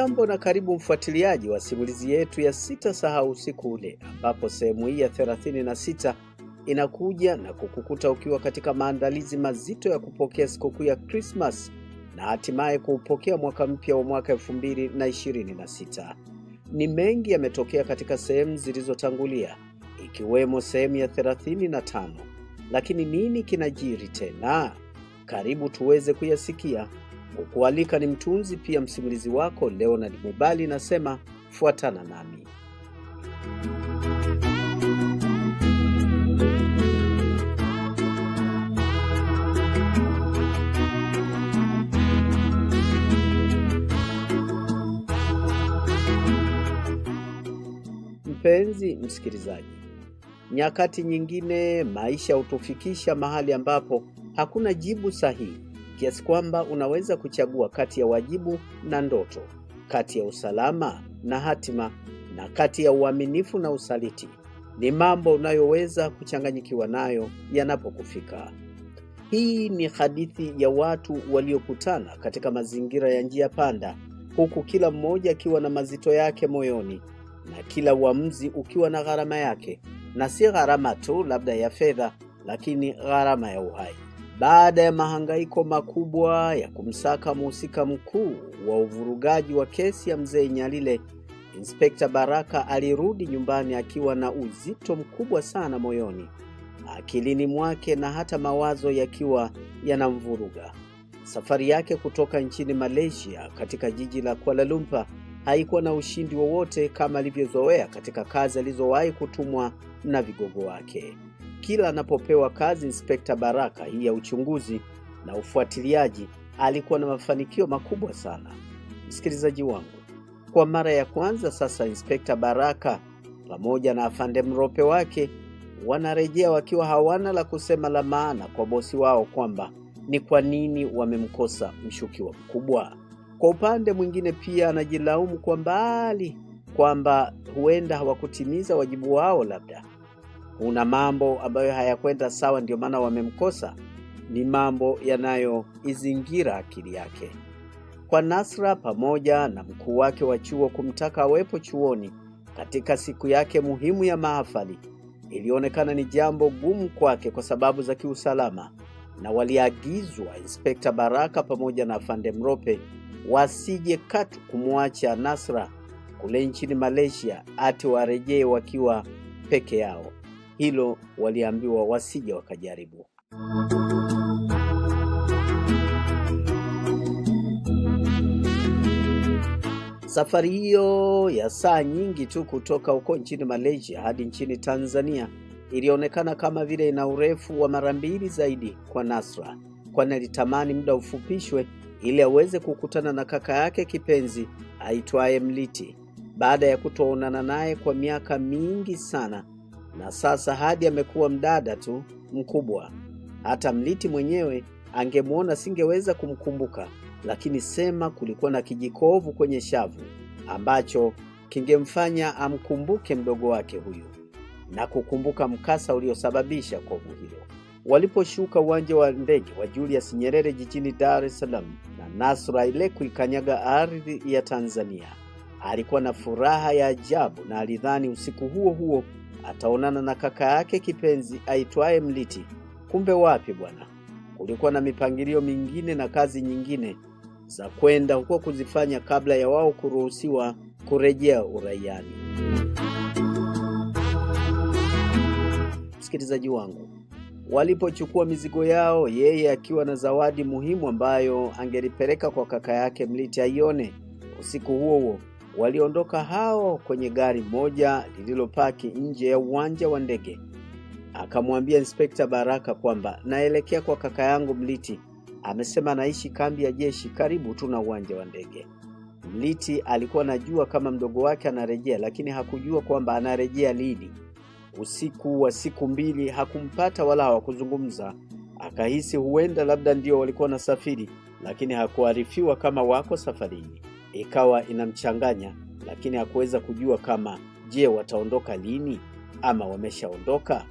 Hujambo na karibu mfuatiliaji wa simulizi yetu ya Sitasahau Usiku Ule, ambapo sehemu hii ya 36 inakuja na kukukuta ukiwa katika maandalizi mazito ya kupokea sikukuu ya Krismas na hatimaye kuupokea mwaka mpya wa mwaka 2026. Ni mengi yametokea katika sehemu zilizotangulia, ikiwemo sehemu ya 35, lakini nini kinajiri tena? Karibu tuweze kuyasikia kukualika ni mtunzi pia msimulizi wako Leonard Mubali. Nasema fuatana nami. Mpenzi msikilizaji, nyakati nyingine maisha hutufikisha mahali ambapo hakuna jibu sahihi kiasi kwamba unaweza kuchagua kati ya wajibu na ndoto, kati ya usalama na hatima, na kati ya uaminifu na usaliti. Ni mambo unayoweza kuchanganyikiwa nayo yanapokufika. Hii ni hadithi ya watu waliokutana katika mazingira ya njia panda, huku kila mmoja akiwa na mazito yake moyoni na kila uamuzi ukiwa na gharama yake, na si gharama tu labda ya fedha, lakini gharama ya uhai. Baada ya mahangaiko makubwa ya kumsaka mhusika mkuu wa uvurugaji wa kesi ya mzee Nyalile, Inspekta Baraka alirudi nyumbani akiwa na uzito mkubwa sana moyoni, akilini mwake na hata mawazo yakiwa yanamvuruga. Safari yake kutoka nchini Malaysia katika jiji la Kuala Lumpur haikuwa na ushindi wowote kama alivyozoea katika kazi alizowahi kutumwa na vigogo wake kila anapopewa kazi Inspekta Baraka hii ya uchunguzi na ufuatiliaji alikuwa na mafanikio makubwa sana. Msikilizaji wangu, kwa mara ya kwanza sasa Inspekta Baraka pamoja na afande Mrope wake wanarejea wakiwa hawana la kusema la maana kwa bosi wao kwamba ni kwa nini wamemkosa mshukiwa mkubwa. Kwa upande mwingine, pia anajilaumu kwa mbali kwamba huenda hawakutimiza wajibu wao labda una mambo ambayo hayakwenda sawa, ndio maana wamemkosa. Ni mambo yanayoizingira akili yake. Kwa Nasra pamoja na mkuu wake wa chuo kumtaka awepo chuoni katika siku yake muhimu ya mahafali, ilionekana ni jambo gumu kwake kwa sababu za kiusalama, na waliagizwa Inspekta Baraka pamoja na Afande Mrope wasije katu kumwacha Nasra kule nchini Malaysia, ati warejee wakiwa peke yao hilo waliambiwa wasije wakajaribu. Safari hiyo ya saa nyingi tu kutoka huko nchini Malaysia hadi nchini Tanzania ilionekana kama vile ina urefu wa mara mbili zaidi kwa Nasra, kwani alitamani muda ufupishwe ili aweze kukutana na kaka yake kipenzi aitwaye Mliti. Baada ya kutoonana naye kwa miaka mingi sana, na sasa hadi amekuwa mdada tu mkubwa. Hata Mliti mwenyewe angemwona singeweza kumkumbuka, lakini Sema kulikuwa na kijikovu kwenye shavu ambacho kingemfanya amkumbuke mdogo wake huyu na kukumbuka mkasa uliosababisha kovu hilo. Waliposhuka uwanja wa ndege wa Julius Nyerere jijini Dar es Salaam na Nasra ile kuikanyaga ardhi ya Tanzania, alikuwa na furaha ya ajabu na alidhani usiku huo huo ataonana na kaka yake kipenzi aitwaye Mliti. Kumbe wapi bwana, kulikuwa na mipangilio mingine na kazi nyingine za kwenda huko kuzifanya kabla ya wao kuruhusiwa kurejea uraiani. Msikilizaji wangu, walipochukua mizigo yao, yeye akiwa na zawadi muhimu ambayo angelipeleka kwa kaka yake Mliti aione. Usiku huo huo Waliondoka hao kwenye gari moja lililopaki nje ya uwanja wa ndege. Akamwambia Inspekta Baraka kwamba naelekea kwa kaka yangu Mliti, amesema anaishi kambi ya jeshi karibu tu na uwanja wa ndege. Mliti alikuwa anajua kama mdogo wake anarejea, lakini hakujua kwamba anarejea lini. Usiku wa siku mbili hakumpata wala hawakuzungumza. Akahisi huenda labda ndio walikuwa na safiri, lakini hakuarifiwa kama wako safarini ikawa inamchanganya, lakini hakuweza kujua kama je, wataondoka lini ama wameshaondoka.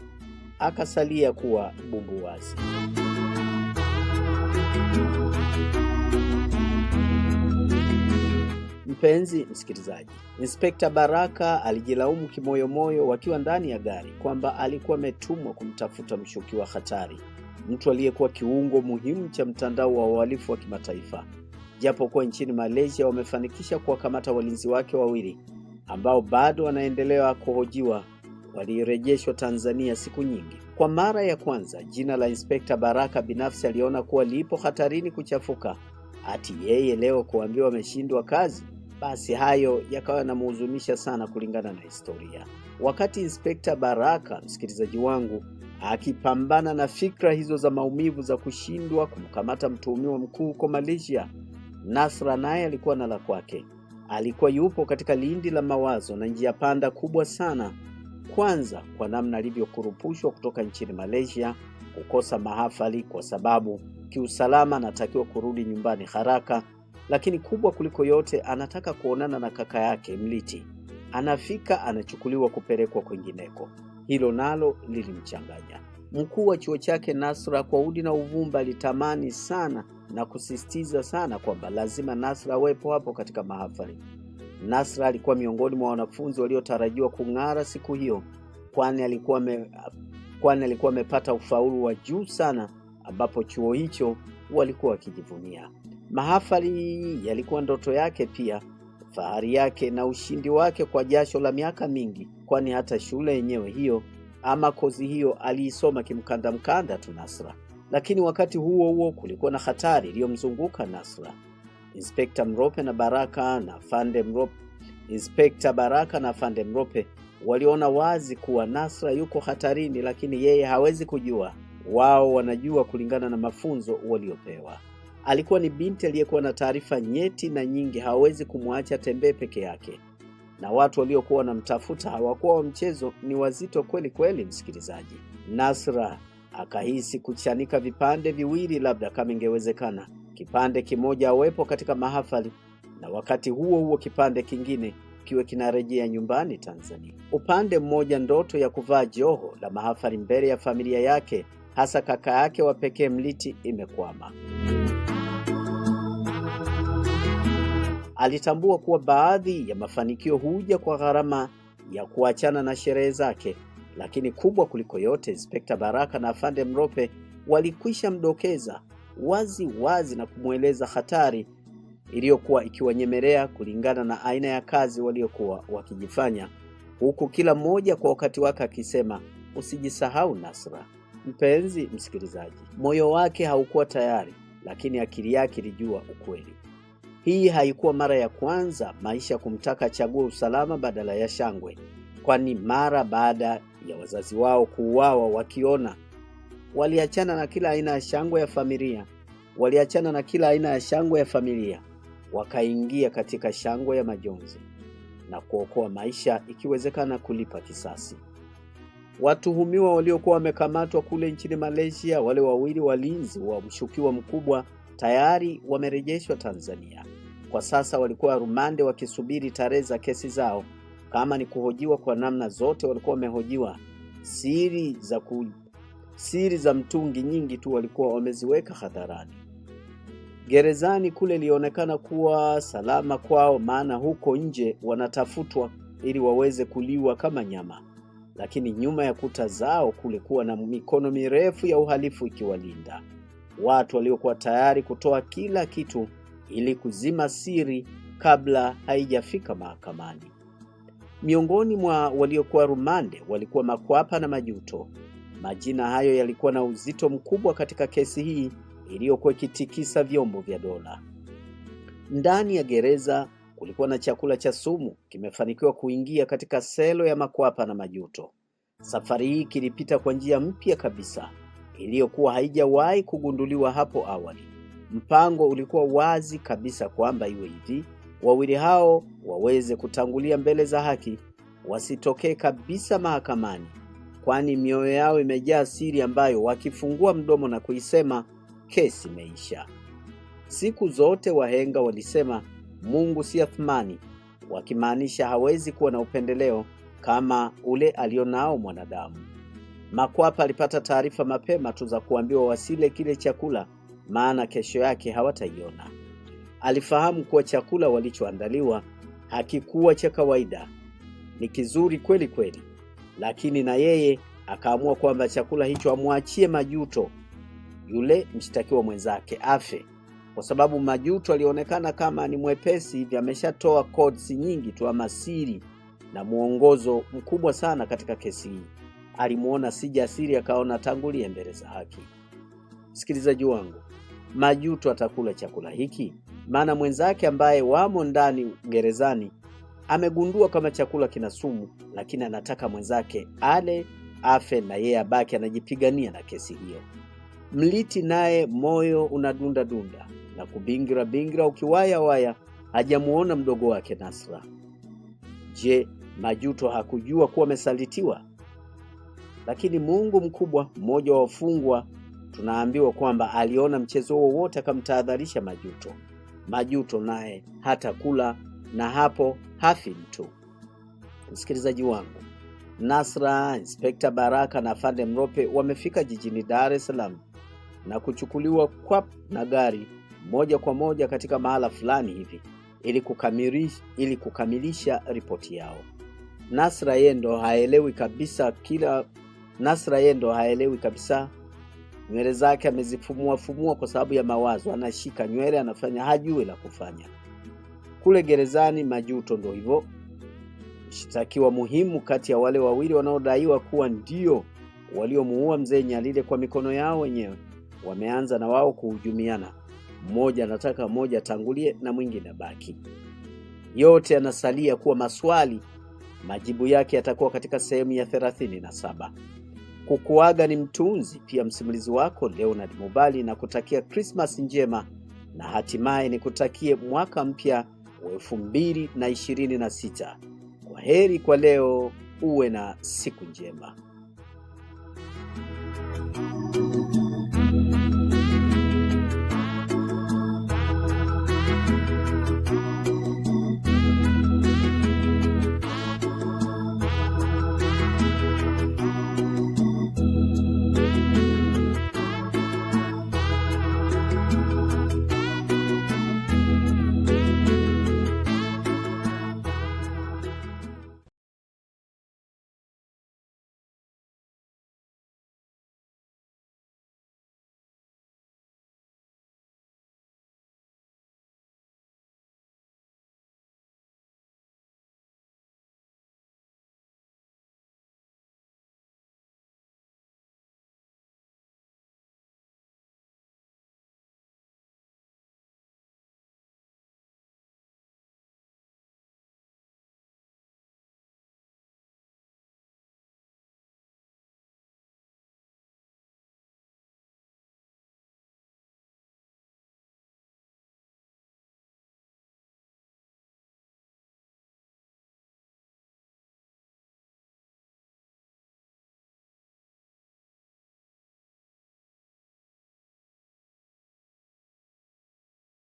Akasalia kuwa bumbuwazi. Mpenzi msikilizaji, Inspekta Baraka alijilaumu kimoyomoyo wakiwa ndani ya gari kwamba alikuwa ametumwa kumtafuta mshukiwa hatari, mtu aliyekuwa kiungo muhimu cha mtandao wa uhalifu wa kimataifa japokuwa nchini Malaysia wamefanikisha kuwakamata walinzi wake wawili ambao bado wanaendelea kuhojiwa walirejeshwa Tanzania siku nyingi. Kwa mara ya kwanza, jina la Inspekta Baraka binafsi aliona kuwa lipo hatarini kuchafuka. Ati yeye leo kuambiwa ameshindwa kazi, basi hayo yakawa yanamhuzunisha sana, kulingana na historia. Wakati Inspekta Baraka, msikilizaji wangu, akipambana na fikra hizo za maumivu za kushindwa kumkamata mtuhumiwa mkuu huko Malaysia, Nasra naye alikuwa na la kwake. Alikuwa yupo katika lindi la mawazo na njia panda kubwa sana. Kwanza kwa namna alivyokurupushwa kutoka nchini Malaysia, kukosa mahafali kwa sababu kiusalama anatakiwa kurudi nyumbani haraka, lakini kubwa kuliko yote, anataka kuonana na kaka yake Mliti. Anafika, anachukuliwa kupelekwa kwingineko. Hilo nalo lilimchanganya. Mkuu wa chuo chake Nasra kwa udi na uvumba alitamani sana na kusisitiza sana kwamba lazima Nasra awepo hapo katika mahafali. Nasra alikuwa miongoni mwa wanafunzi waliotarajiwa kung'ara siku hiyo, kwani alikuwa me, kwani alikuwa amepata ufaulu wa juu sana ambapo chuo hicho walikuwa wakijivunia. Mahafali yalikuwa ndoto yake pia, fahari yake na ushindi wake kwa jasho la miaka mingi, kwani hata shule yenyewe hiyo ama kozi hiyo aliisoma kimkanda mkanda tu Nasra, lakini wakati huo huo kulikuwa na hatari iliyomzunguka Nasra. Inspekta Mrope na Baraka na Fande Mrope, Inspekta Baraka na Fande Mrope waliona wazi kuwa Nasra yuko hatarini, lakini yeye hawezi kujua. Wao wanajua kulingana na mafunzo waliopewa. Alikuwa ni binti aliyekuwa na taarifa nyeti na nyingi, hawezi kumwacha tembee peke yake na watu waliokuwa wanamtafuta hawakuwa wa mchezo, ni wazito kweli kweli. Msikilizaji, Nasra akahisi kuchanika vipande viwili, labda kama ingewezekana kipande kimoja awepo katika mahafali na wakati huo huo kipande kingine kiwe kinarejea nyumbani Tanzania. Upande mmoja ndoto ya kuvaa joho la mahafali mbele ya familia yake, hasa kaka yake wa pekee Mliti, imekwama. Alitambua kuwa baadhi ya mafanikio huja kwa gharama ya kuachana na sherehe zake, lakini kubwa kuliko yote, Inspekta Baraka na Afande Mrope walikwisha mdokeza wazi wazi na kumweleza hatari iliyokuwa ikiwanyemelea kulingana na aina ya kazi waliokuwa wakijifanya, huku kila mmoja kwa wakati wake akisema, usijisahau Nasra. Mpenzi msikilizaji, moyo wake haukuwa tayari, lakini akili yake ilijua ukweli. Hii haikuwa mara ya kwanza Maisha kumtaka achague usalama badala ya shangwe, kwani mara baada ya wazazi wao kuuawa wakiona, waliachana na kila aina ya shangwe ya familia, waliachana na kila aina ya shangwe ya familia, wakaingia katika shangwe ya majonzi na kuokoa maisha, ikiwezekana kulipa kisasi. Watuhumiwa waliokuwa wamekamatwa kule nchini Malaysia, wale wawili walinzi wa mshukiwa mkubwa tayari wamerejeshwa Tanzania. Kwa sasa walikuwa rumande wakisubiri tarehe za kesi zao, kama ni kuhojiwa kwa namna zote walikuwa wamehojiwa. Siri za ku... siri za mtungi nyingi tu walikuwa wameziweka hadharani. Gerezani kule ilionekana kuwa salama kwao, maana huko nje wanatafutwa ili waweze kuliwa kama nyama, lakini nyuma ya kuta zao kulikuwa na mikono mirefu ya uhalifu ikiwalinda watu waliokuwa tayari kutoa kila kitu ili kuzima siri kabla haijafika mahakamani. Miongoni mwa waliokuwa rumande walikuwa Makwapa na Majuto. Majina hayo yalikuwa na uzito mkubwa katika kesi hii iliyokuwa ikitikisa vyombo vya dola. Ndani ya gereza kulikuwa na chakula cha sumu kimefanikiwa kuingia katika selo ya Makwapa na Majuto. Safari hii kilipita kwa njia mpya kabisa iliyokuwa haijawahi kugunduliwa hapo awali. Mpango ulikuwa wazi kabisa kwamba iwe hivi, wawili hao waweze kutangulia mbele za haki, wasitokee kabisa mahakamani, kwani mioyo yao imejaa siri ambayo wakifungua mdomo na kuisema, kesi imeisha. Siku zote wahenga walisema Mungu si Athmani, wakimaanisha hawezi kuwa na upendeleo kama ule alionao mwanadamu. Makwapa alipata taarifa mapema tu za kuambiwa wasile kile chakula, maana kesho yake hawataiona. Alifahamu kuwa chakula walichoandaliwa hakikuwa cha kawaida, ni kizuri kweli kweli, lakini na yeye akaamua kwamba chakula hicho amwachie Majuto, yule mshtakiwa mwenzake, afe, kwa sababu Majuto alionekana kama ni mwepesi hivi, ameshatoa codes nyingi tu ama siri na mwongozo mkubwa sana katika kesi hii alimwona si jasiri, akaona tangulie mbele za haki. Msikilizaji wangu, majuto atakula chakula hiki, maana mwenzake ambaye wamo ndani gerezani amegundua kama chakula kina sumu, lakini anataka mwenzake ale afe na yeye abaki anajipigania na kesi hiyo. Mliti naye moyo unadunda dunda na kubingira bingira ukiwaya waya, hajamuona mdogo wake Nasra. Je, majuto hakujua kuwa amesalitiwa? lakini Mungu mkubwa, mmoja wa wafungwa, tunaambiwa kwamba aliona mchezo huo wote akamtahadharisha majuto. Majuto naye hata kula na hapo hafi mtu. Msikilizaji wangu, Nasra, Inspekta Baraka na fande Mrope wamefika jijini Dar es Salaam na kuchukuliwa kwap na gari moja kwa moja katika mahala fulani hivi ili kukamilisha, ili kukamilisha ripoti yao. Nasra yeye ndo haelewi kabisa kila Nasra yeye ndo haelewi kabisa, nywele zake amezifumua fumua kwa sababu ya mawazo, anashika nywele anafanya, hajui la kufanya. Kule gerezani Majuto ndo hivyo, mshtakiwa muhimu kati ya wale wawili wanaodaiwa kuwa ndio waliomuua mzee Nyalile kwa mikono yao wenyewe, wameanza na wao kuhujumiana, mmoja anataka mmoja atangulie na mwingine abaki. Yote yanasalia kuwa maswali, majibu yake yatakuwa katika sehemu ya thelathini na saba kukuaga ni mtunzi pia msimulizi wako Leonard Mubali, na kutakia Krismas njema na hatimaye ni kutakie mwaka mpya wa 226 na sita. Kwa heri kwa leo, uwe na siku njema.